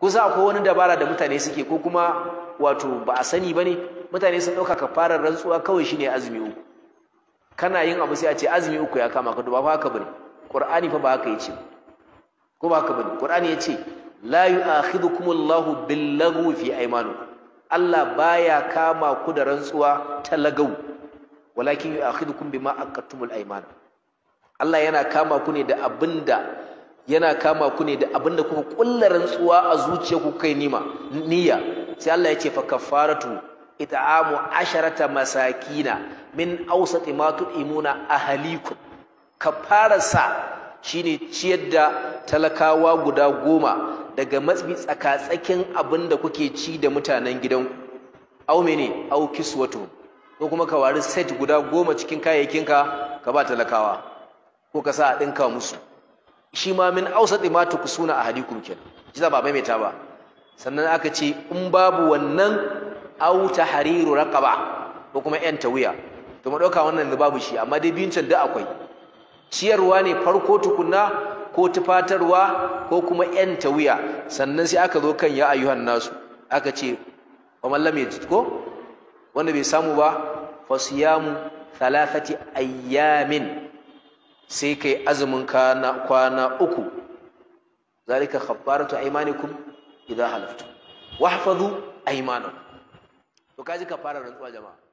kusa akwai wani dabara da mutane suke ko kuma wato ba a sani ba ne mutane sun ɗauka ka fara rantsuwa kawai shine azumi uku kana yin abu sai a ce azumi uku ya kama ka ba fa haka bane qur'ani fa ba haka ce ko ba haka bane hidu kuma la yu'akhidhukumullahu billaghwi fi aymanikum Allah baya kama ku da rantsuwa ta lagau walakin yu'akhidhukum bima aqattumul ayman Allah yana kama ku ne da abinda yana kama ku ne da abin da kuka ƙulla rantsuwa a zuciya ku kai nima niyya sai Allah ya ce fa kafaratu it'amu asharata masakina min awsati ma tu'imuna ahlikum kafara sa shine ciyar da talakawa guda goma daga matsi tsakatsakin abin da kuke ci da mutanen gidanku au mene au kiswatu ko kuma ka wari set guda goma cikin kayayyakin ka ka ba talakawa ko ka sa a ɗinka musu shi ma min ausati ma tukusuna ahadikum kenan shi ba maimaita ba sannan aka ce in babu wannan au tahriru raqaba ko kuma yan tawiya to mu dauka wannan da babu shi amma dai biyun can da akwai ciyarwa ne farko tukunna ko tufatarwa ko kuma yan tawiya sannan sai aka zo kan ya ayyuhan nasu aka ce wa mallam yajid wanda bai samu ba fasiyamu thalathati ayyamin sai kai azumin kana kwana uku zalika khabbaratu aymanikum idza halaftu wahfazu aymanakum to kaji ka fara rantsuwa jama'a